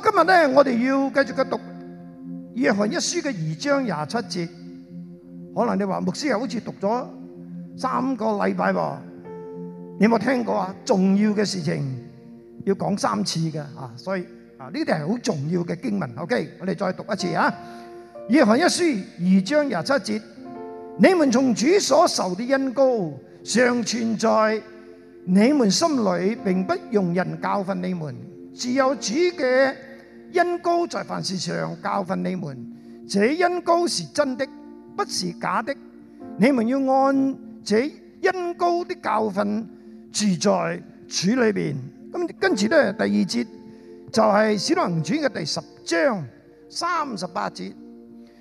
今日咧，我哋要繼續去讀《約翰一書》嘅二章廿七節。可能你話牧師又好似讀咗三個禮拜喎，你有冇聽過啊？重要嘅事情要講三次嘅啊，所以啊，呢啲係好重要嘅經文。OK，我哋再讀一次啊，《約翰一書》二章廿七節，你們從主所受的恩膏尚存在你們心裏，並不用人教訓你們，自有主嘅。因高在凡事上教訓你們，這因高是真的，不是假的。你們要按這因高的教訓住在主裏邊。咁跟住呢，第二節就係、是《使徒行傳》嘅第十章三十八節。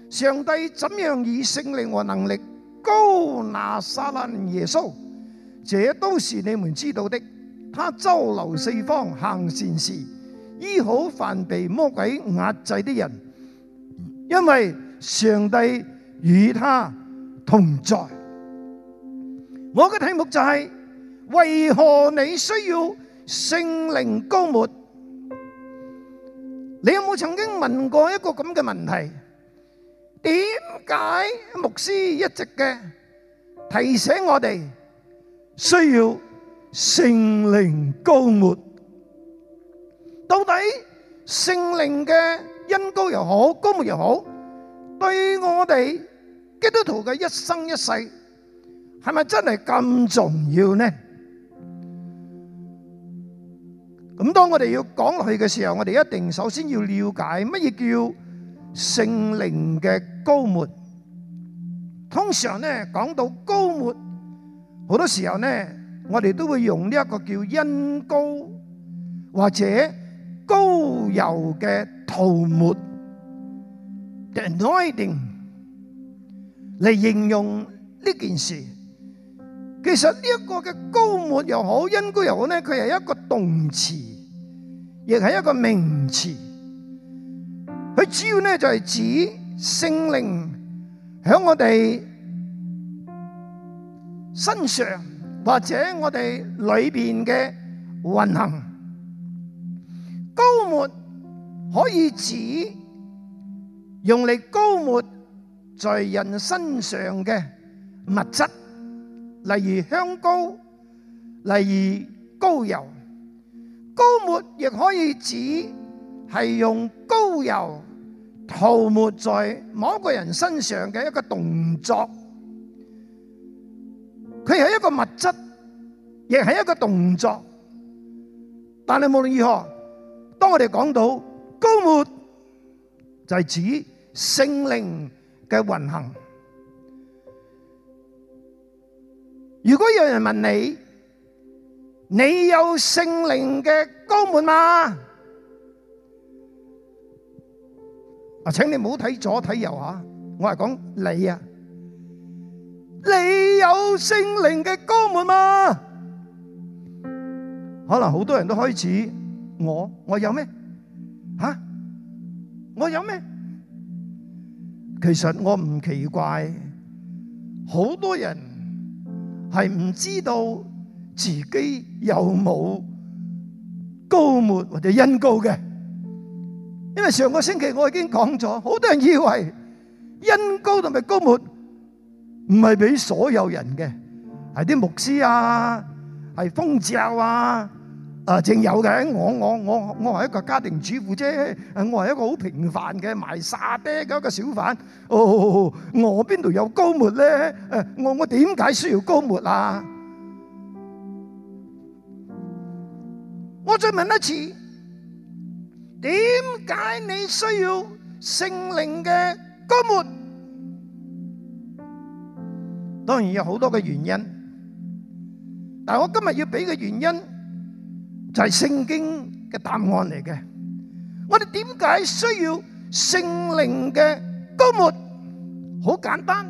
上帝怎樣以聖靈和能力高拿撒勒耶穌，這都是你們知道的。他周流四方行善事。醫好凡被魔鬼壓制的人，因為上帝與他同在。我嘅題目就係：為何你需要聖靈膏抹？你有冇曾經問過一個咁嘅問題？點解牧師一直嘅提醒我哋需要聖靈膏抹？到底聖靈嘅恩膏又好，膏抹又好，對我哋基督徒嘅一生一世係咪真係咁重要呢？咁當我哋要講落去嘅時候，我哋一定首先要了解乜嘢叫聖靈嘅膏抹。通常呢，講到膏抹，好多時候呢，我哋都會用呢一個叫恩膏或者，膏油嘅塗抹，the anointing 嚟形容呢件事。其實呢一個嘅膏抹又好，恩膏又好咧，佢係一個動詞，亦係一個名詞。佢主要咧就係指聖靈響我哋身上或者我哋裏邊嘅運行。膏抹可以指用嚟膏抹在人身上嘅物質，例如香膏，例如膏油。膏抹亦可以指係用膏油塗抹在某個人身上嘅一個動作。佢係一個物質，亦係一個動作，但係無論如何。當我哋講到膏抹，就係指聖靈嘅運行。如果有人問你，你有聖靈嘅膏抹嗎？啊，請你唔好睇左睇右吓，我係講你啊，你有聖靈嘅膏抹嗎？可能好多人都開始。我我有咩？吓？我有咩，啊？其實我唔奇怪，好多人係唔知道自己有冇高末或者恩高嘅，因為上個星期我已經講咗，好多人以為恩高同埋高末唔係俾所有人嘅，係啲牧師啊，係奉召啊。啊，正有嘅，我我我我係一個家庭主婦啫，我係一個好平凡嘅賣沙爹嘅一個小販。哦，我邊度有高沫咧？誒，我我點解需要高沫啊？我再問一次，點解你需要聖靈嘅高沫？當然有好多嘅原因，但係我今日要俾嘅原因。就係聖經嘅答案嚟嘅。我哋點解需要聖靈嘅膏抹？好簡單，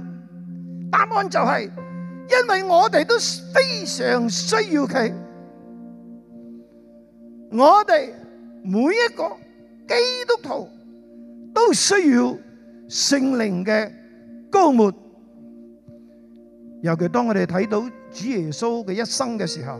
答案就係，因為我哋都非常需要佢。我哋每一個基督徒都需要聖靈嘅膏抹，尤其當我哋睇到主耶穌嘅一生嘅時候。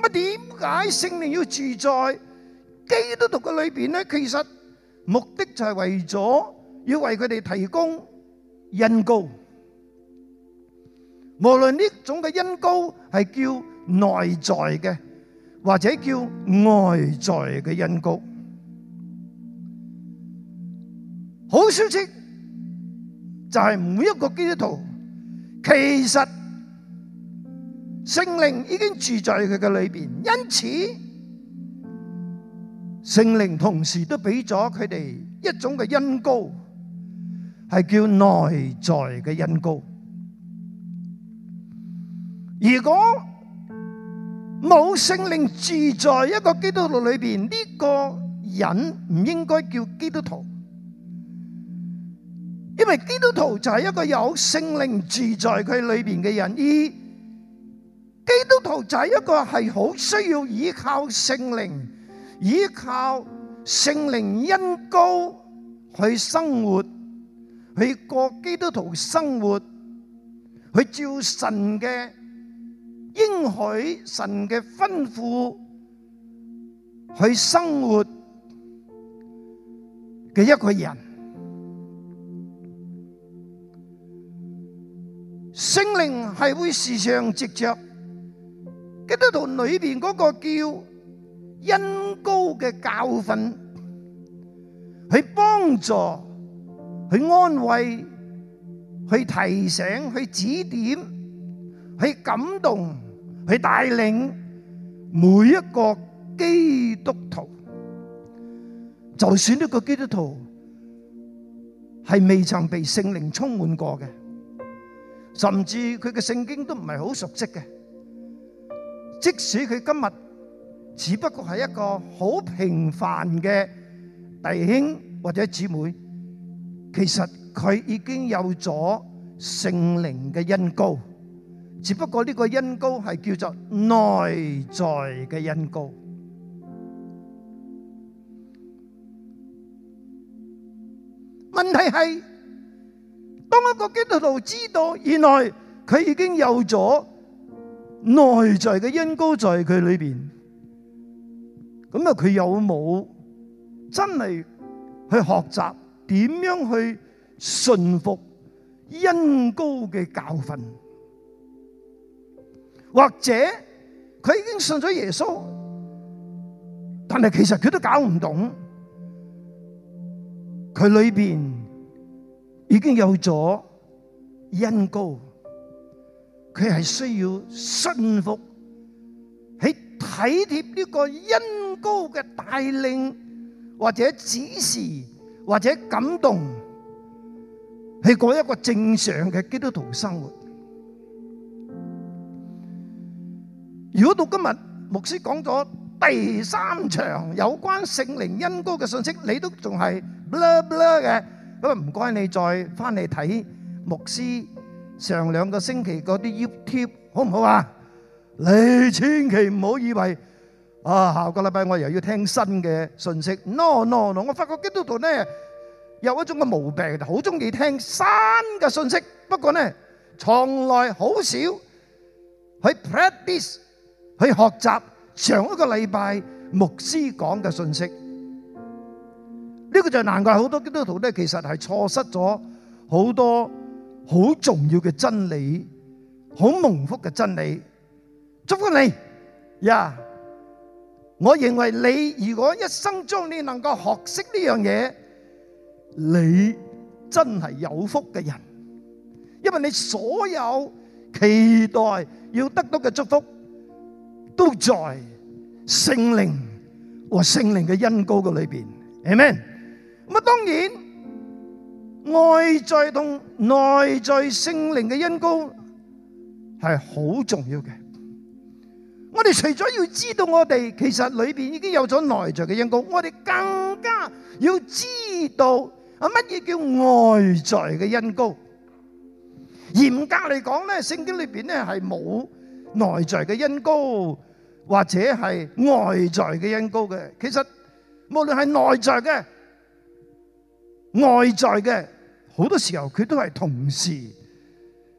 乜點解聖靈要住在基督徒嘅裏邊咧？其實目的就係為咗要為佢哋提供恩膏，無論呢種嘅恩膏係叫內在嘅，或者叫外在嘅恩膏。好消息就係每一個基督徒其實。聖靈已經住在佢嘅裏邊，因此聖靈同時都俾咗佢哋一種嘅恩膏，係叫內在嘅恩膏。如果冇聖靈住在一個基督徒裏邊，呢個人唔應該叫基督徒，因為基督徒就係一個有聖靈住在佢裏邊嘅人。二基督徒就係一個係好需要依靠聖靈，依靠聖靈恩膏去生活，去過基督徒生活，去照神嘅應許、神嘅吩咐去生活嘅一個人。聖靈係會時常接着。基督徒裏邊嗰個叫恩膏嘅教訓，去幫助、去安慰、去提醒、去指點、去感動、去帶領每一個基督徒。就算一個基督徒係未曾被聖靈充滿過嘅，甚至佢嘅聖經都唔係好熟悉嘅。即使佢今日只不過係一個好平凡嘅弟兄或者姊妹，其實佢已經有咗聖靈嘅恩膏，只不過呢個恩膏係叫做內在嘅恩膏。問題係，當一個基督徒知道原來佢已經有咗。內在嘅恩膏在佢裏邊，咁啊佢有冇真係去學習點樣去順服恩膏嘅教訓？或者佢已經信咗耶穌，但係其實佢都搞唔懂，佢裏邊已經有咗恩膏。佢係需要信服，喺體貼呢個恩膏嘅帶領，或者指示，或者感動，去過一個正常嘅基督徒生活。如果到今日牧師講咗第三場有關聖靈恩膏嘅信息，你都仲係 blah blah 嘅，咁啊唔該你再翻嚟睇牧師。上兩個星期嗰啲 YouTube 好唔好啊？你千祈唔好以為啊，下個禮拜我又要聽新嘅信息。no no no，我發覺基督徒呢有一種嘅毛病，好中意聽新嘅信息。不過呢，從來好少去 practice 去學習上一個禮拜牧師講嘅信息。呢個就難怪好多基督徒呢，其實係錯失咗好多。好重要嘅真理，好蒙福嘅真理，祝福你呀！我認為你如果一生中你能夠學識呢樣嘢，你真係有福嘅人，因為你所有期待要得到嘅祝福，都在聖靈和聖靈嘅恩膏嘅裏邊。阿門。咁啊，當然。外在同內在聖靈嘅恩膏係好重要嘅。我哋除咗要知道我哋其實裏邊已經有咗內在嘅恩膏，我哋更加要知道啊乜嘢叫外在嘅恩膏。嚴格嚟講咧，聖經裏邊咧係冇內在嘅恩膏或者係外在嘅恩膏嘅。其實無論係內在嘅。外在嘅好多時候，佢都係同時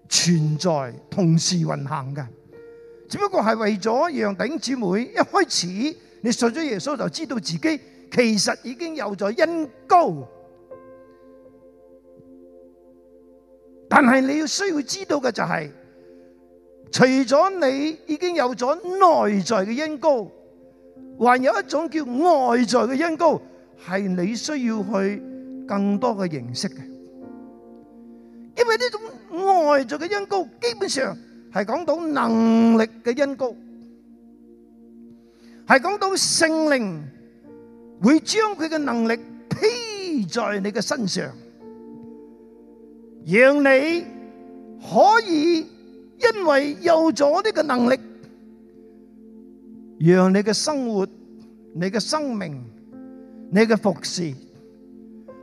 存在、同時運行嘅。只不過係為咗讓弟兄姊妹一開始你信咗耶穌，就知道自己其實已經有咗恩膏。但係你要需要知道嘅就係、是、除咗你已經有咗內在嘅恩膏，還有一種叫外在嘅恩膏，係你需要去。更多嘅形式嘅，因為呢種外在嘅恩膏，基本上係講到能力嘅恩膏，係講到聖靈會將佢嘅能力披在你嘅身上，讓你可以因為有咗呢個能力，讓你嘅生活、你嘅生命、你嘅服侍，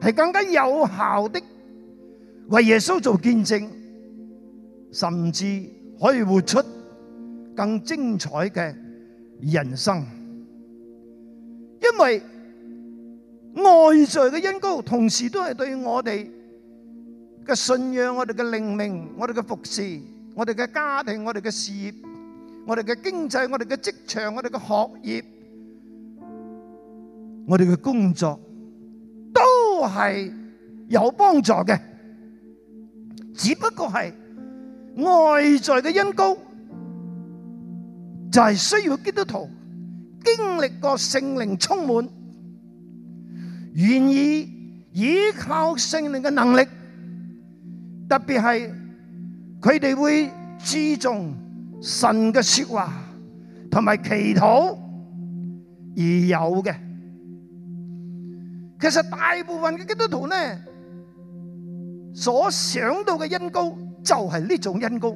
係更加有效的為耶穌做見證，甚至可以活出更精彩的人生。因為，外在的恩膏同時都是對我哋嘅信仰，我哋嘅靈命，我哋嘅服侍，我哋嘅家庭，我哋嘅事業，我哋嘅經濟，我哋嘅職場，我哋嘅學業，我哋嘅工作，都係有幫助嘅，只不過係外在嘅因，高就係、是、需要基督徒經歷過聖靈充滿，願意依靠聖靈嘅能力，特別係佢哋會注重神嘅說話同埋祈禱而有嘅。其實大部分嘅基督徒呢，所想到嘅恩膏就係呢種恩膏。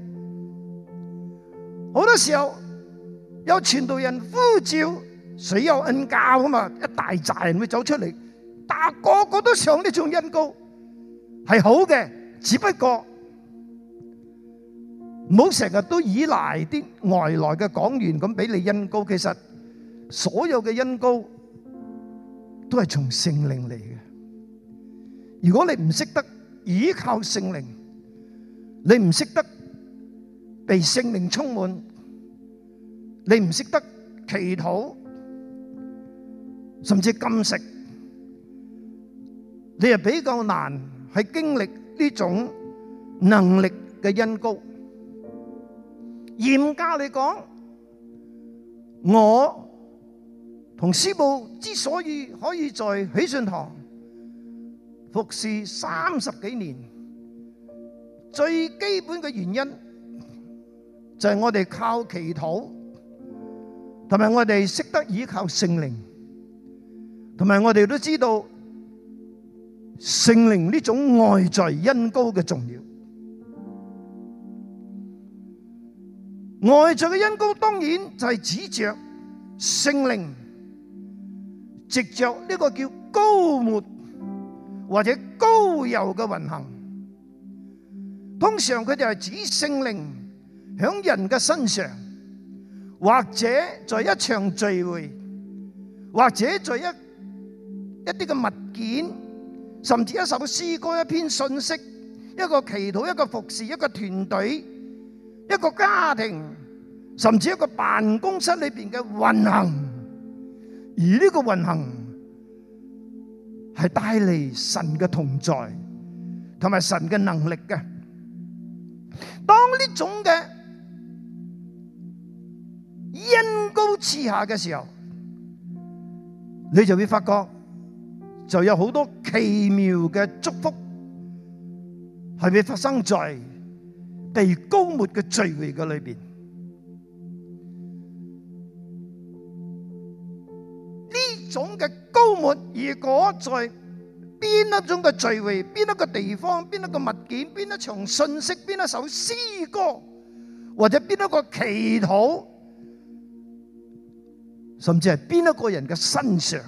好多時候有傳道人呼召，誰有恩教啊嘛？一大扎人會走出嚟，但係個個都想呢種恩膏，係好嘅。只不過唔好成日都依賴啲外來嘅講員咁俾你恩膏。其實所有嘅恩膏。都係從聖靈嚟嘅。如果你唔識得倚靠聖靈，你唔識得被聖靈充滿，你唔識得祈禱，甚至禁食，你就比較難去經歷呢種能力嘅恩膏。嚴格嚟講，我洪師傅之所以可以在喜訊堂服侍三十幾年，最基本嘅原因就係我哋靠祈禱，同埋我哋識得倚靠聖靈，同埋我哋都知道聖靈呢種外在恩膏嘅重要。外在嘅恩膏當然就係指著聖靈。藉着呢、這個叫膏抹或者膏油嘅運行，通常佢就係指聖靈響人嘅身上，或者在一場聚會，或者在一一啲嘅物件，甚至一首詩歌、一篇信息、一個祈禱、一個服侍、一個團隊、一個家庭，甚至一個辦公室裏邊嘅運行。而呢個運行係帶嚟神嘅同在，同埋神嘅能力嘅。當呢種嘅恩膏賜下嘅時候，你就會發覺就有好多奇妙嘅祝福係會發生在被膏抹嘅聚會嘅裏邊。總嘅高莫，如果在邊一種嘅聚會，邊一個地方，邊一個物件，邊一場信息，邊一首詩歌，或者邊一個祈禱，甚至係邊一個人嘅身上，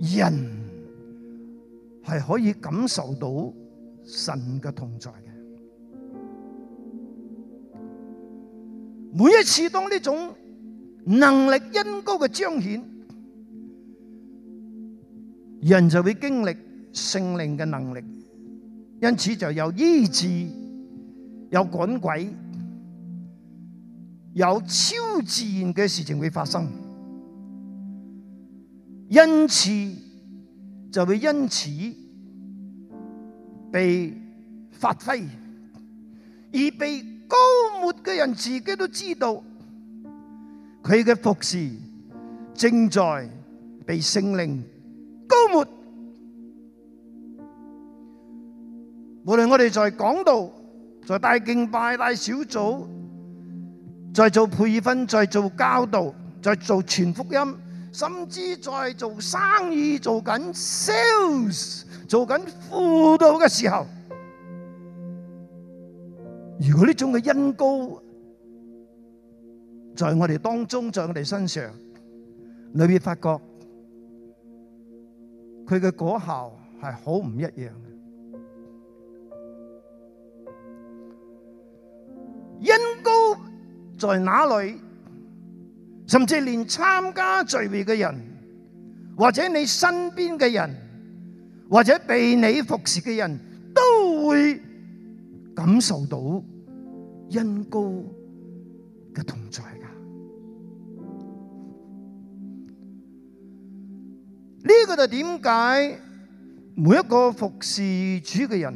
人係可以感受到神嘅同在嘅。每一次當呢種。能力恩膏嘅彰顯，人就會經歷聖靈嘅能力，因此就有醫治、有趕鬼、有超自然嘅事情會發生。因此就會因此被發揮，而被膏抹嘅人自己都知道。佢嘅服侍正在被聖靈澆灌。無論我哋在講道、在帶敬拜、帶小組、在做培訓、在做教導、在做傳福音，甚至在做生意、做緊 sales、做緊輔導嘅時候，如果呢種嘅恩膏。在我哋當中，在我哋身上，裏面發覺佢嘅果效係好唔一樣嘅。恩膏在哪裏？甚至連參加聚會嘅人，或者你身邊嘅人，或者被你服侍嘅人，都會感受到恩膏嘅同在。呢個就點解每一個服侍主嘅人，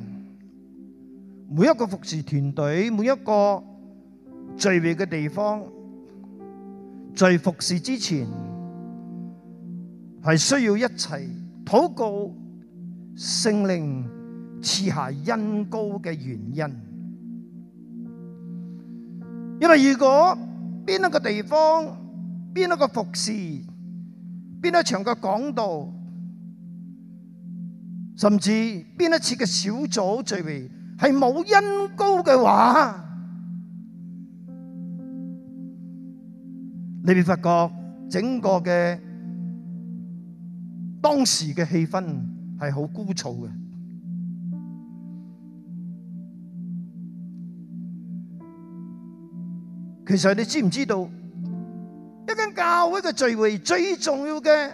每一個服侍團隊，每一個聚會嘅地方，在服侍之前係需要一齊禱告，聖靈賜下恩膏嘅原因。因為如果邊一個地方，邊一個服侍，邊一場嘅講道，甚至邊一次嘅小組聚會，係冇恩膏嘅話，你會發覺整個嘅當時嘅氣氛係好枯燥嘅。其實你知唔知道？一間教會嘅聚會最重要嘅，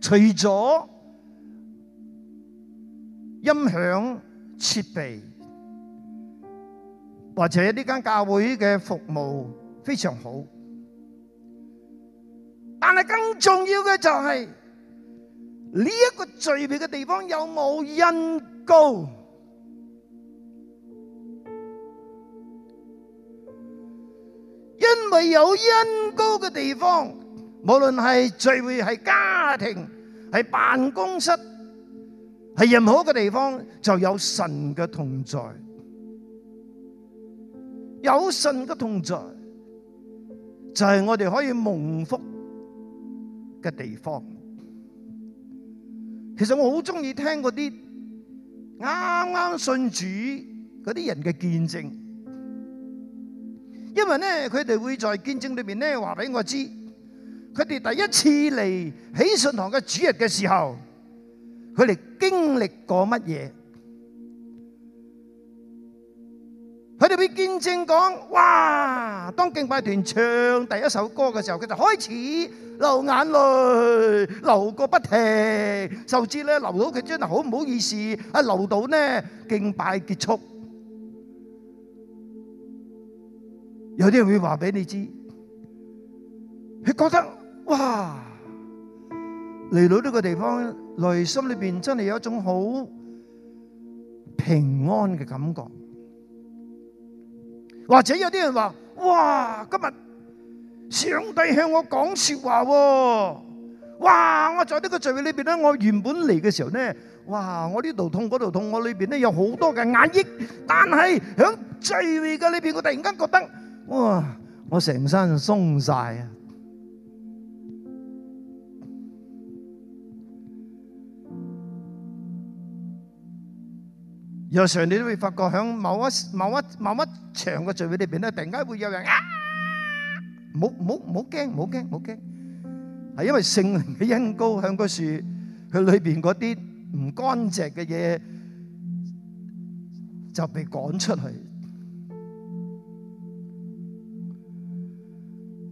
除咗音響設備，或者呢間教會嘅服務非常好，但係更重要嘅就係呢一個聚會嘅地方有冇恩膏。因為有恩膏嘅地方，無論係聚會、係家庭、係辦公室、係任何一個地方，就有神嘅同在。有神嘅同在，就係我哋可以蒙福嘅地方。其實我好中意聽嗰啲啱啱信主嗰啲人嘅見證。因為咧，佢哋會在見證裏面咧話俾我知，佢哋第一次嚟喜信堂嘅主日嘅時候，佢哋經歷過乜嘢？佢哋會見證講：哇！當敬拜團唱第一首歌嘅時候，佢就開始流眼淚，流個不停，甚至咧流到佢真係好唔好意思，啊，流到呢敬拜結束。有啲人會話俾你知，佢覺得哇，嚟到呢個地方，內心裏邊真係有一種好平安嘅感覺。或者有啲人話：哇，今日上帝向我講說話喎，哇！我在呢個聚會裏邊咧，我原本嚟嘅時候咧，哇，我呢度痛，嗰度痛，我裏邊咧有好多嘅壓抑，但係喺聚會嘅裏邊，我突然間覺得。哇！我成身鬆晒啊！有時你都會發覺，喺某一某一某一場嘅聚會裏邊咧，突然間會有人啊！冇冇冇驚冇驚冇驚，係因為聖靈嘅恩膏喺個樹佢裏邊嗰啲唔乾淨嘅嘢就被趕出去。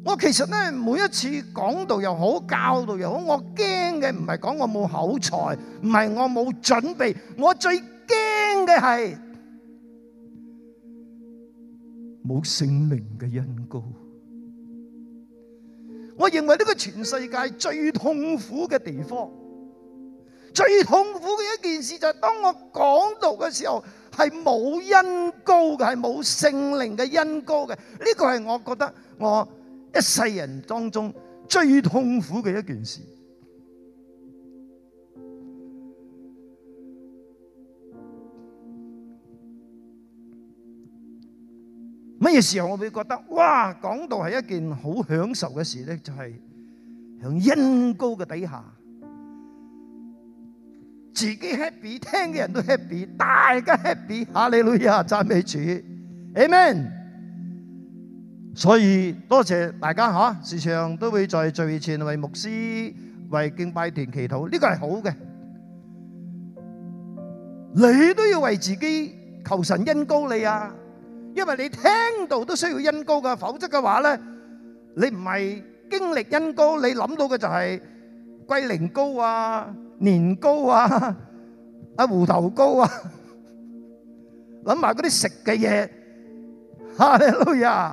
我其實咧，每一次講道又好，教導又好，我驚嘅唔係講我冇口才，唔係我冇準備，我最驚嘅係冇聖靈嘅恩膏。我認為呢個全世界最痛苦嘅地方，最痛苦嘅一件事就係當我講道嘅時候係冇恩膏嘅，係冇聖靈嘅恩膏嘅。呢個係我覺得我一世人當中最痛苦嘅一件事，乜嘢時候我會覺得哇，講道係一件好享受嘅事呢？就係響恩膏嘅底下，自己 happy，聽嘅人都 happy，大家 happy，哈利路亞，讚美主，amen 所以多謝大家嚇，時常都會在聚前為牧師、為敬拜團祈禱，呢個係好嘅。你都要為自己求神恩高你啊，因為你聽道都需要恩高噶，否則嘅話咧，你唔係經歷恩高，你諗到嘅就係龜苓膏啊、年糕啊、啊芋頭糕啊，諗埋嗰啲食嘅嘢，哈利路亞！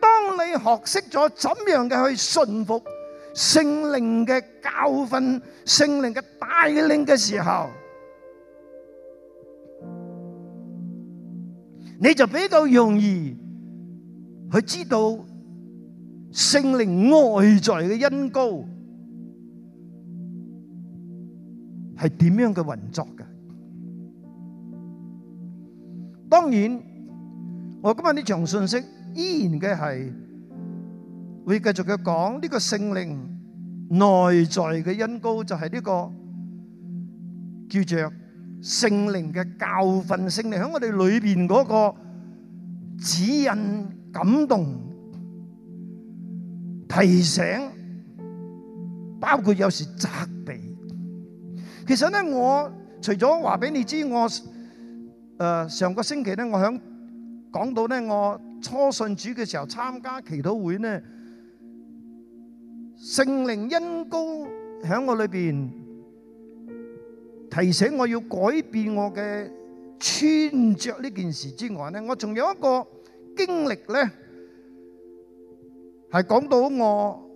當你學識咗怎樣嘅去信服聖靈嘅教訓、聖靈嘅帶領嘅時候，你就比較容易去知道聖靈外在嘅恩膏係點樣嘅運作㗎。當然，我今日呢場信息。依然嘅係會繼續嘅講呢個聖靈內在嘅恩膏，就係呢個叫做聖靈嘅教訓。聖靈喺我哋裏邊嗰個指引、感動、提醒，包括有時責備。其實咧，我除咗話俾你知，我誒上個星期咧，我喺講到咧，我。初信主嘅時候參加祈禱會呢，聖靈恩膏響我裏面提醒我要改變我嘅穿着呢件事之外呢，我仲有一個經歷呢，係講到我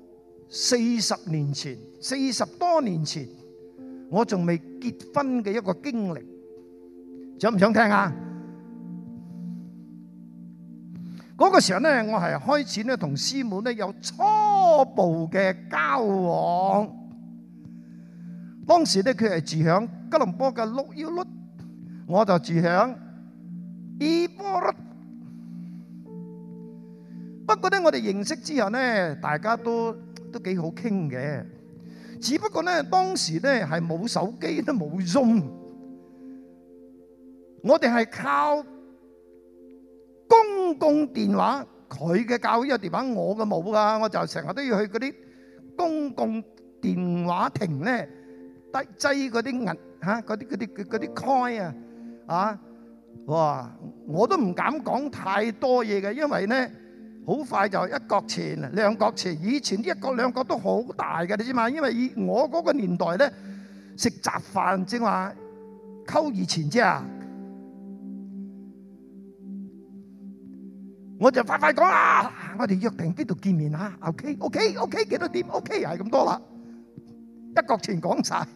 四十年前，四十多年前我仲未結婚嘅一個經歷，想唔想聽啊？嗰個時候咧，我係開始咧同師妹咧有初步嘅交往。當時咧佢係住響吉隆坡嘅陸佑路，我就住響怡保路。不過咧，我哋認識之後咧，大家都都幾好傾嘅。只不過咧，當時咧係冇手機都冇用，我哋係靠公共電話，佢嘅教會有電話，我嘅冇㗎，我就成日都要去嗰啲公共電話亭咧，得擠嗰啲銀嚇，嗰啲嗰啲嗰啲 coin 啊，啊，哇！我都唔敢講太多嘢嘅，因為咧好快就一角錢、兩角錢，以前一角兩角都好大嘅，你知嘛？因為以我嗰個年代咧，食雜飯正話溝二錢啫。我就快快講啦！我哋約定邊度見面啊？OK，OK，OK，幾多點？OK，係咁多啦，一角錢講晒。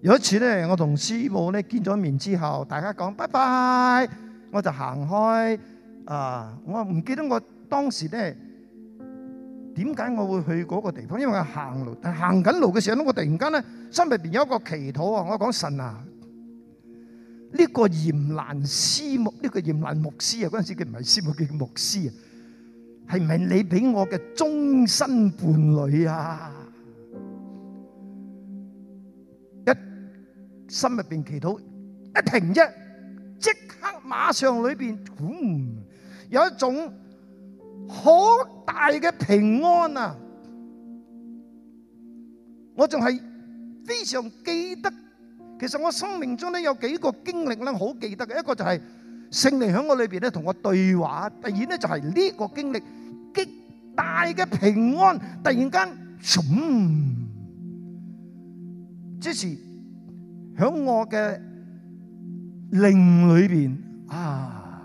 有一次咧，我同師母咧見咗面之後，大家講拜拜，我就行開。啊，我唔記得我當時咧點解我會去嗰個地方，因為我行路但行緊路嘅時候咧，我突然間咧心入邊有一個祈禱啊！我講神啊！呢個嚴難師母，呢個嚴難牧師啊，嗰陣時佢唔係師母，佢叫牧師啊，係咪你俾我嘅終身伴侶啊？一心入邊祈禱，一停啫，即刻馬上裏邊，嗯，有一種好大嘅平安啊！我仲係非常記得。其實我生命中咧有幾個經歷咧好記得嘅，一個就係聖靈響我裏邊咧同我對話，第二咧就係呢個經歷極大嘅平安，突然間，即時響我嘅靈裏邊啊，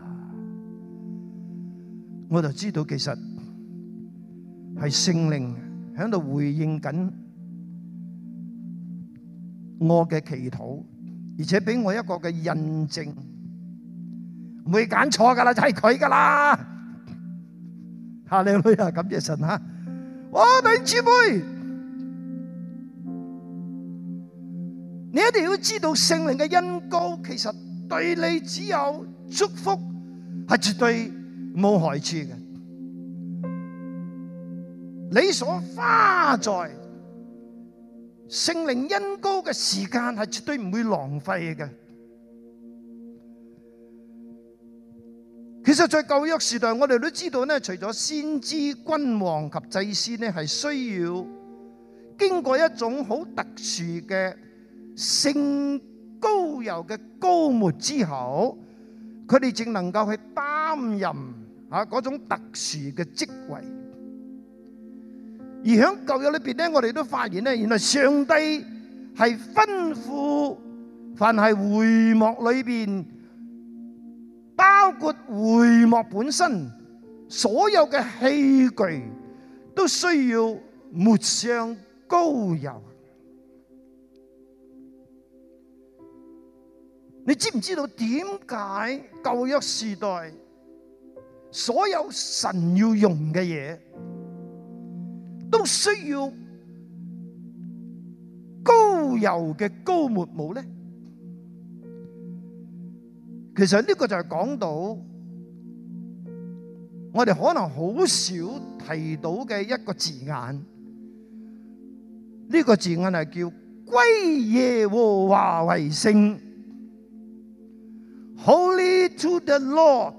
我就知道其實係聖靈響度回應緊。我嘅祈禱，而且俾我一個嘅印證，唔會揀錯噶啦，就係佢噶啦。下靚女啊，感謝神吓！我弟兄姊妹，你哋一定要知道聖靈嘅恩膏，其實對你只有祝福，係絕對冇害處嘅。你所花在。聖靈恩膏嘅時間係絕對唔會浪費嘅。其實，在舊約時代，我哋都知道咧，除咗先知、君王及祭司咧，係需要經過一種好特殊嘅聖膏油嘅膏抹之後，佢哋正能夠去擔任吓嗰種特殊嘅職位。而喺舊約裏邊咧，我哋都發現咧，原來上帝係吩咐凡係會幕裏邊，包括會幕本身所有嘅器具，都需要抹上膏油。你知唔知道點解舊約時代所有神要用嘅嘢？都需要高油嘅高木母咧，其實呢個就係講到我哋可能好少提到嘅一個字眼，呢、這個字眼係叫歸耶和華為聖，Holy to the Lord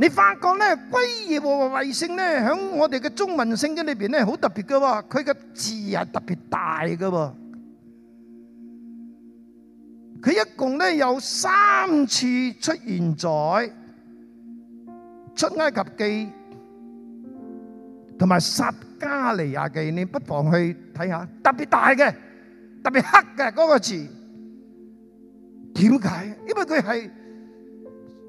你發覺咧，圭爾和衞星咧，喺我哋嘅中文聖經裏邊咧，好特別嘅喎，佢嘅字係特別大嘅喎。佢一共咧有三次出現在出埃及記同埋撒迦利亞記，你不妨去睇下，特別大嘅，特別黑嘅嗰、那個字。點解？因為佢係。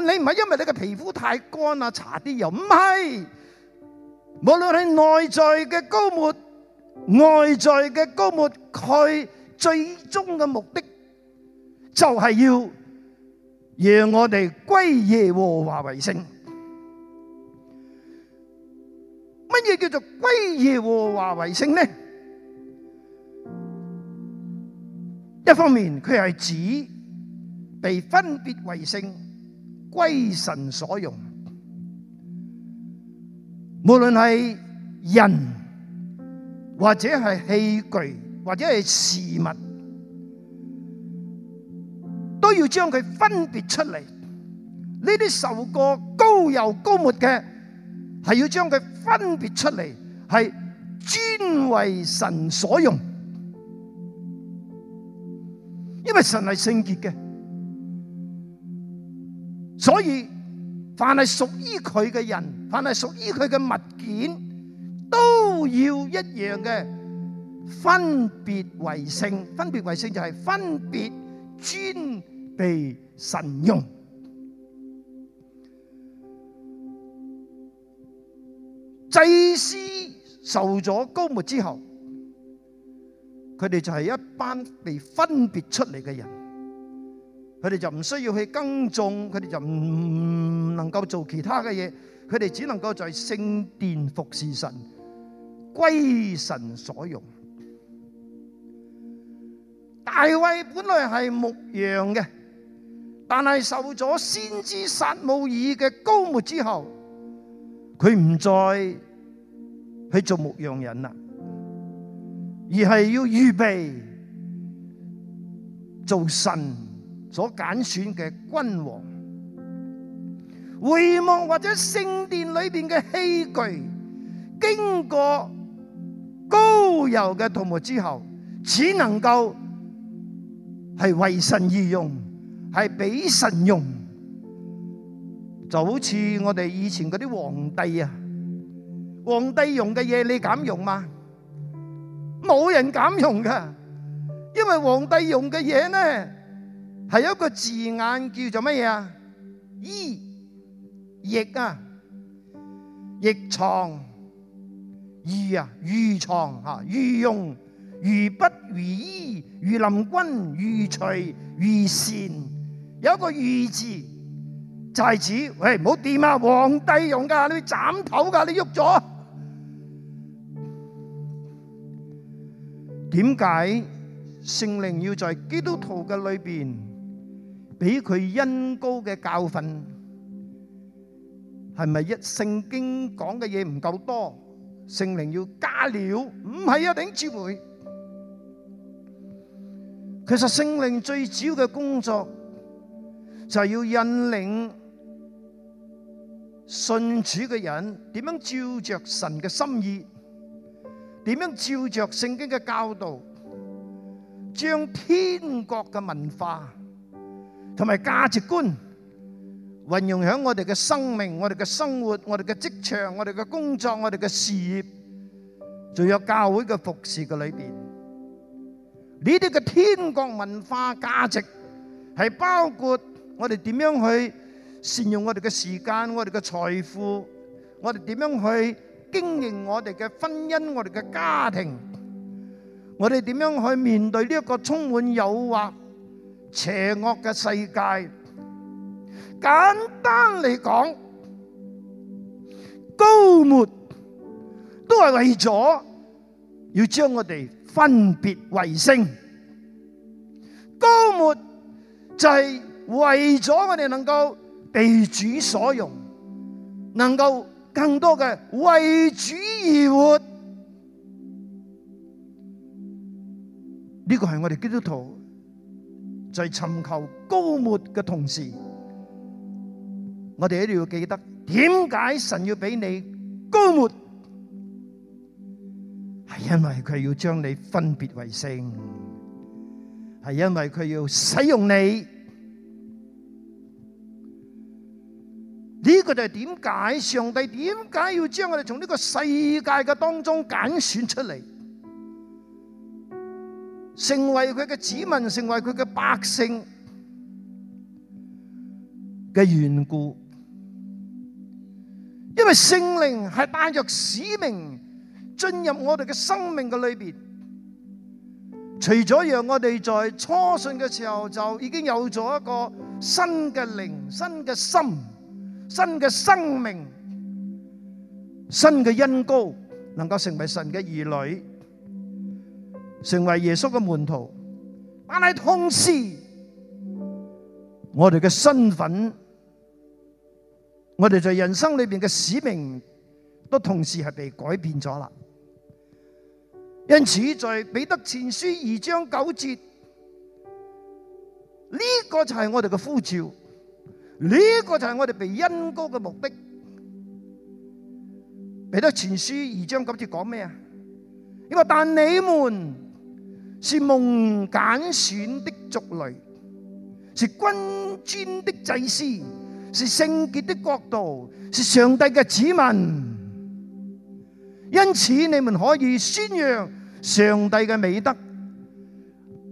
你唔係因為你嘅皮膚太乾啊，搽啲油唔係。無論係內在嘅高沫，外在嘅高沫，佢最終嘅目的就係要讓我哋歸耶和華為聖。乜嘢叫做歸耶和華為聖呢？一方面佢係指被分別為聖。歸神所用，無論係人或者係器具或者係事物，都要將佢分別出嚟。呢啲受過膏油膏抹嘅，係要將佢分別出嚟，係專為神所用，因為神係聖潔嘅。所以，凡係屬於佢嘅人，凡係屬於佢嘅物件，都要一樣嘅分別為聖。分別為聖就係分別專被神用。祭司受咗膏抹之後，佢哋就係一班被分別出嚟嘅人。佢哋就唔需要去耕種，佢哋就唔能夠做其他嘅嘢，佢哋只能夠在聖殿服侍神，歸神所用。大衛本來係牧羊嘅，但係受咗先知撒母耳嘅膏抹之後，佢唔再去做牧羊人啦，而係要預備做神。所揀選嘅君王，回望或者聖殿裏邊嘅器具，經過膏油嘅塗抹之後，只能夠係為神而用，係俾神用。就好似我哋以前嗰啲皇帝啊，皇帝用嘅嘢，你敢用嗎？冇人敢用噶。因為皇帝用嘅嘢呢？係有一個字眼叫做乜嘢啊？衣亦啊，亦藏衣啊，御藏啊，御用御不御衣，御林軍、御鎚、御善有一個御字就係指：「喂唔好掂啊！皇帝用噶，你斬頭噶，你喐咗？點解聖靈要在基督徒嘅裏邊？俾佢恩膏嘅教訓，係咪一聖經講嘅嘢唔夠多？聖靈要加料，唔係一定智慧。其實聖靈最主要嘅工作，就係要引領信主嘅人點樣照著神嘅心意，點樣照著聖經嘅教導，將天國嘅文化，同埋價值觀運用喺我哋嘅生命、我哋嘅生活、我哋嘅職場、我哋嘅工作、我哋嘅事業，仲有教會嘅服侍嘅裏邊，呢啲嘅天國文化價值係包括我哋點樣去善用我哋嘅時間、我哋嘅財富，我哋點樣去經營我哋嘅婚姻、我哋嘅家庭，我哋點樣去面對呢一個充滿誘惑邪惡嘅世界，簡單嚟講，膏抹都係為咗要將我哋分別為聖，膏抹就係為咗我哋能夠被主所用，能夠更多嘅為主而活，呢個係我哋基督徒。在尋求高末嘅同時，我哋一定要記得，點解神要俾你高末？係因為佢要將你分別為聖，係因為佢要使用你。呢個就係點解上帝點解要將我哋從呢個世界嘅當中揀選出嚟？成為佢嘅子民，成為佢嘅百姓嘅緣故，因為聖靈係帶着使命進入我哋嘅生命嘅裏邊，除咗讓我哋在初信嘅時候就已經有咗一個新嘅靈、新嘅心、新嘅生命、新嘅恩膏，能夠成為神嘅兒女。成為耶穌嘅門徒，但係同時我哋嘅身份，我哋在人生裏邊嘅使命都同時係被改變咗啦。因此，在彼得前書二章九節，呢、這個就係我哋嘅呼召，呢、這個就係我哋被恩膏嘅目的。彼得前書二章九節講咩啊？因為但你們。是蒙揀選的族類，是君尊的祭司，是聖潔的國度，是上帝嘅子民。因此，你們可以宣揚上帝嘅美德。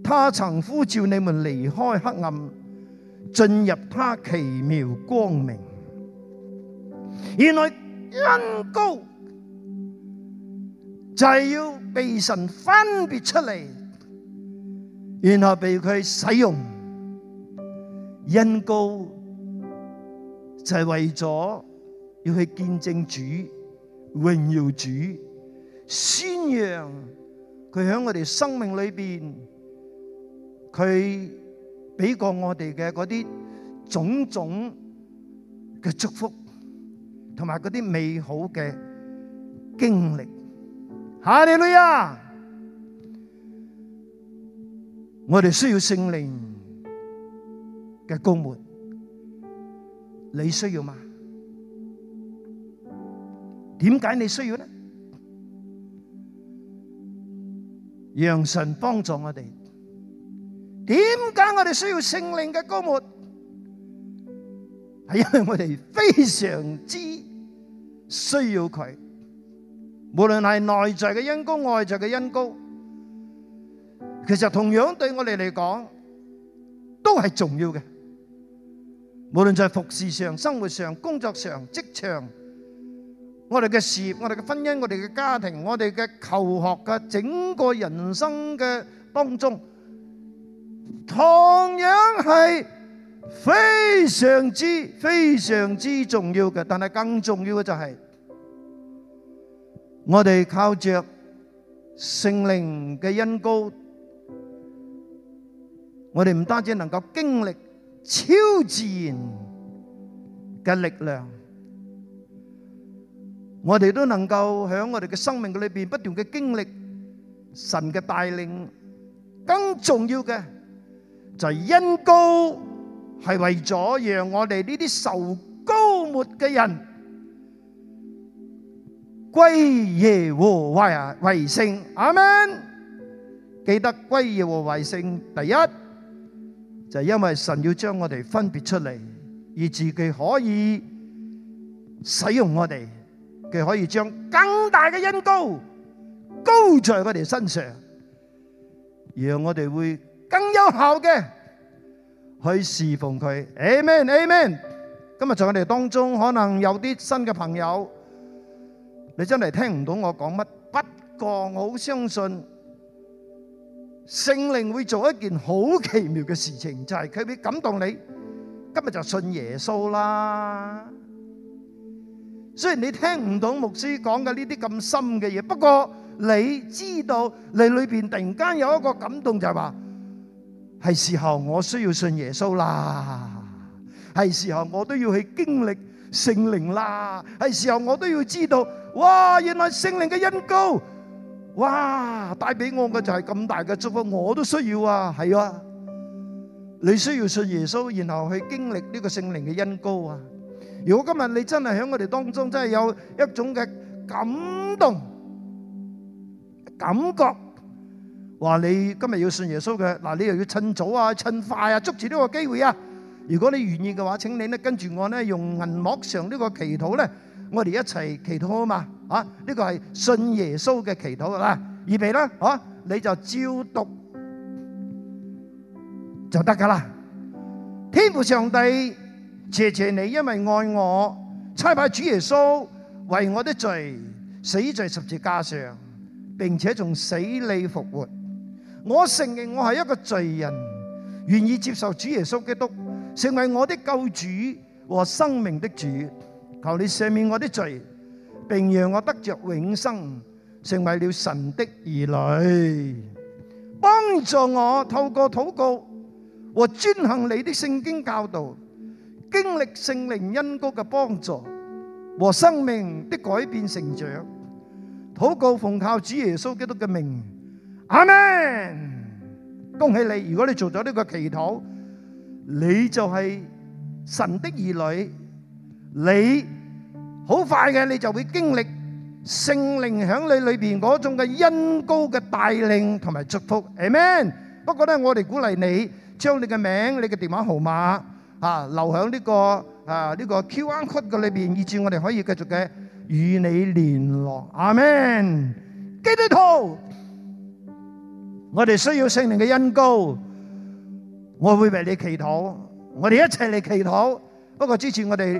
他曾呼召你們離開黑暗，進入他奇妙光明。原來恩膏就係、是、要被神分別出嚟。然後被佢使用，恩膏就係、是、為咗要去見證主榮耀主宣揚佢喺我哋生命裏邊，佢俾過我哋嘅嗰啲種種嘅祝福，同埋嗰啲美好嘅經歷。哈利路亞。我哋需要聖靈嘅膏抹，你需要嗎？點解你需要呢？讓神幫助我哋。點解我哋需要聖靈嘅膏抹？係因為我哋非常之需要佢，無論係內在嘅恩膏，外在嘅恩膏。其實同樣對我哋嚟講都係重要嘅，無論在服侍上、生活上、工作上、職場，我哋嘅事業、我哋嘅婚姻、我哋嘅家庭、我哋嘅求學嘅整個人生嘅當中，同樣係非常之非常之重要嘅。但係更重要嘅就係我哋靠着聖靈嘅恩膏。我哋唔單止能夠經歷超自然嘅力量，我哋都能夠喺我哋嘅生命嘅裏邊不斷嘅經歷神嘅帶領。更重要嘅就係恩膏係為咗讓我哋呢啲受膏抹嘅人歸耶和華啊為聖，阿門。記得歸耶和華為聖第一。就因為神要將我哋分別出嚟，而自己可以使用我哋，佢可以將更大嘅恩膏膏在我哋身上，讓我哋會更有效嘅去侍奉佢。Amen，Amen。今日在我哋當中，可能有啲新嘅朋友，你真係聽唔到我講乜，不過我好相信。聖靈會做一件好奇妙嘅事情，就係佢會感動你，今日就信耶穌啦。雖然你聽唔懂牧師講嘅呢啲咁深嘅嘢，不過你知道你裏邊突然間有一個感動，就係話係時候我需要信耶穌啦，係時候我都要去經歷聖靈啦，係時候我都要知道，哇！原來聖靈嘅恩膏。哇！帶俾我嘅就係咁大嘅祝福，我都需要啊，係啊！你需要信耶穌，然後去經歷呢個聖靈嘅恩膏啊！如果今日你真係喺我哋當中，真係有一種嘅感動、感覺，話你今日要信耶穌嘅，嗱，你又要趁早啊、趁快啊，捉住呢個機會啊！如果你願意嘅話，請你咧跟住我咧，用銀幕上呢個祈禱咧，我哋一齊祈禱啊嘛！啊！呢個係信耶穌嘅祈禱啦，預備啦，啊，你就照讀就得噶啦。天父上帝，謝謝你，因為愛我，差派主耶穌為我的罪死在十字架上，並且從死裏復活。我承認我係一個罪人，願意接受主耶穌基督成為我的救主和生命的主。求你赦免我的罪。並讓我得着永生，成為了神的兒女，幫助我透過禱告和遵行你的聖經教導，經歷聖靈恩膏嘅幫助和生命的改變成長。禱告奉靠主耶穌基督嘅名，阿門。恭喜你，如果你做咗呢個祈禱，你就係神的兒女，你。好快嘅，你就會經歷聖靈響你裏邊嗰種嘅恩膏嘅帶領同埋祝福，Amen。不過咧，我哋鼓勵你將你嘅名、你嘅電話號碼啊留響呢個啊呢個 QR Code 裏邊，以至我哋可以繼續嘅與你聯絡。Amen，基督徒，我哋需要聖靈嘅恩膏，我會為你祈禱，我哋一齊嚟祈禱。不過之前我哋。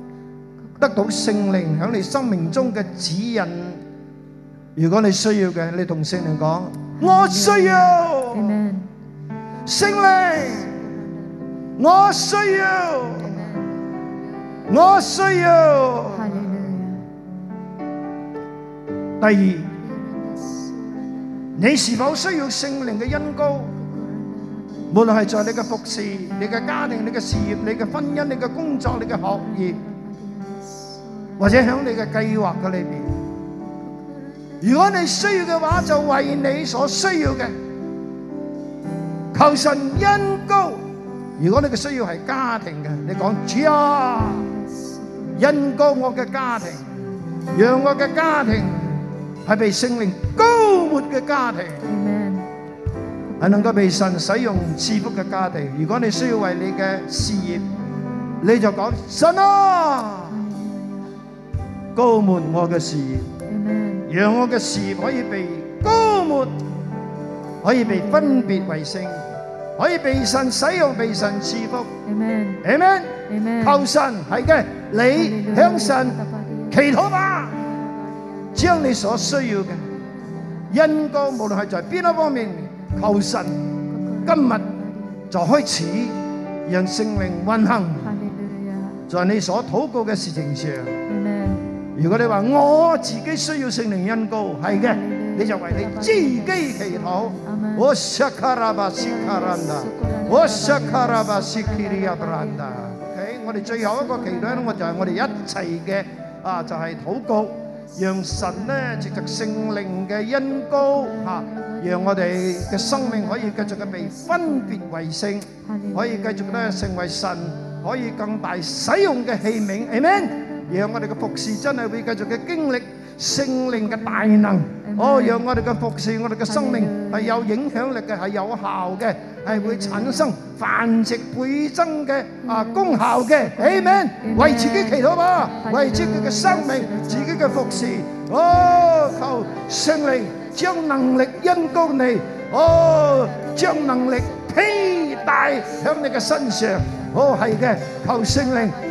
得到聖靈喺你生命中嘅指引。如果你需要嘅，你同聖靈講，我需要聖靈。聖靈，我需要，我需要。第二，你是否需要聖靈嘅恩膏？無論係在你嘅服侍、你嘅家庭、你嘅事業、你嘅婚姻、你嘅工作、你嘅學業。或者喺你嘅計劃嘅裏邊，如果你需要嘅話，就為你所需要嘅，求神恩膏。如果你嘅需要係家庭嘅，你講，主啊，恩膏我嘅家庭，讓我嘅家庭係被聖靈膏滿嘅家庭。阿門。係 Amen. 能夠被神使用賜福嘅家庭。如果你需要為你嘅事業，你就講神啊。膏抹我嘅事業，Amen 讓我嘅事業可以被膏抹，可以被分別為聖，可以被神使用，被神賜福。求神係嘅，你向神祈禱吧，將你所需要嘅恩膏，無論係在邊一方面，求神今日就開始讓聖靈運行，在你所禱告嘅事情上。如果你話我自己需要聖靈恩膏，係嘅，你就為你自己祈禱。我沙卡拉巴斯卡蘭達，我沙卡拉巴斯奇利亞達蘭達。OK，我哋最後一個祈禱咧，我就係我哋一齊嘅啊，就係、是、禱告，讓神咧接受聖靈嘅恩膏，吓，讓我哋嘅生命可以繼續嘅被分別為聖，可以繼續咧成為神，可以更大使用嘅器皿。Amen 讓我哋嘅服侍真係會繼續嘅經歷聖靈嘅大能哦！讓我哋嘅服侍，我哋嘅生命係有影響力嘅，係有效嘅，係會產生繁殖倍增嘅啊功效嘅。Amen！為自己祈禱吧，為自己嘅生命，自己嘅服侍哦，求聖靈將能力恩膏你哦，將能力披戴響你嘅身上哦，係嘅，求聖靈。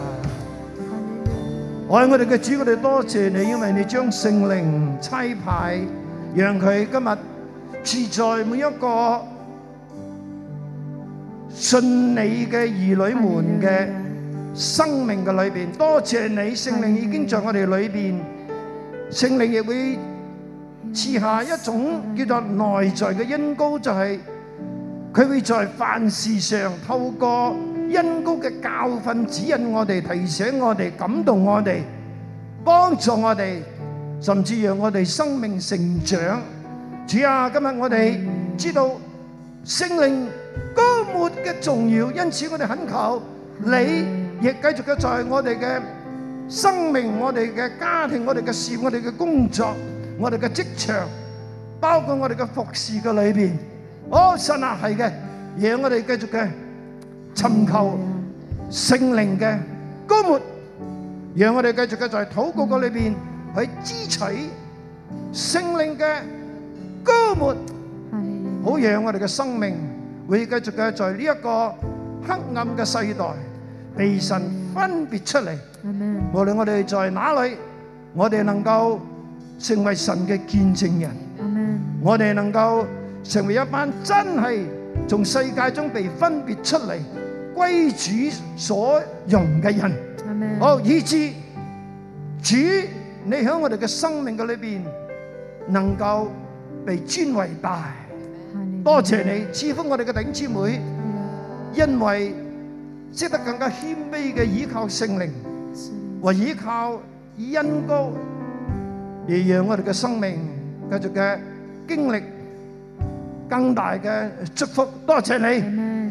我哋嘅主，我哋多謝你，因為你將聖靈差派，讓佢今日住在每一個信你嘅兒女們嘅生命嘅裏邊。多謝你，聖靈已經在我哋裏邊，聖靈亦會賜下一種叫做內在嘅恩膏，就係佢會在凡事上透過。恩膏嘅教訓指引我哋，提醒我哋，感動我哋，幫助我哋，甚至讓我哋生命成長。主啊，今日我哋知道聖靈膏抹嘅重要，因此我哋懇求你，亦繼續嘅在我哋嘅生命、我哋嘅家庭、我哋嘅事、我哋嘅工作、我哋嘅職場，包括我哋嘅服侍嘅裏邊。哦，神啊，係嘅，讓我哋繼續嘅。尋求聖靈嘅膏抹，讓我哋繼續嘅在禱告嘅裏邊去支取聖靈嘅膏抹，好讓我哋嘅生命會繼續嘅在呢一個黑暗嘅世代被神分別出嚟。無論我哋在哪裏，我哋能夠成為神嘅見證人，我哋能夠成為一班真係從世界中被分別出嚟。歸主所用嘅人，好以至主你喺我哋嘅生命嘅裏面能夠被尊為大，多謝你賜福我哋嘅頂姊妹，因為識得更加謙卑嘅依靠聖靈和依靠恩膏，而讓我哋嘅生命繼續嘅經歷更大嘅祝福，多謝你。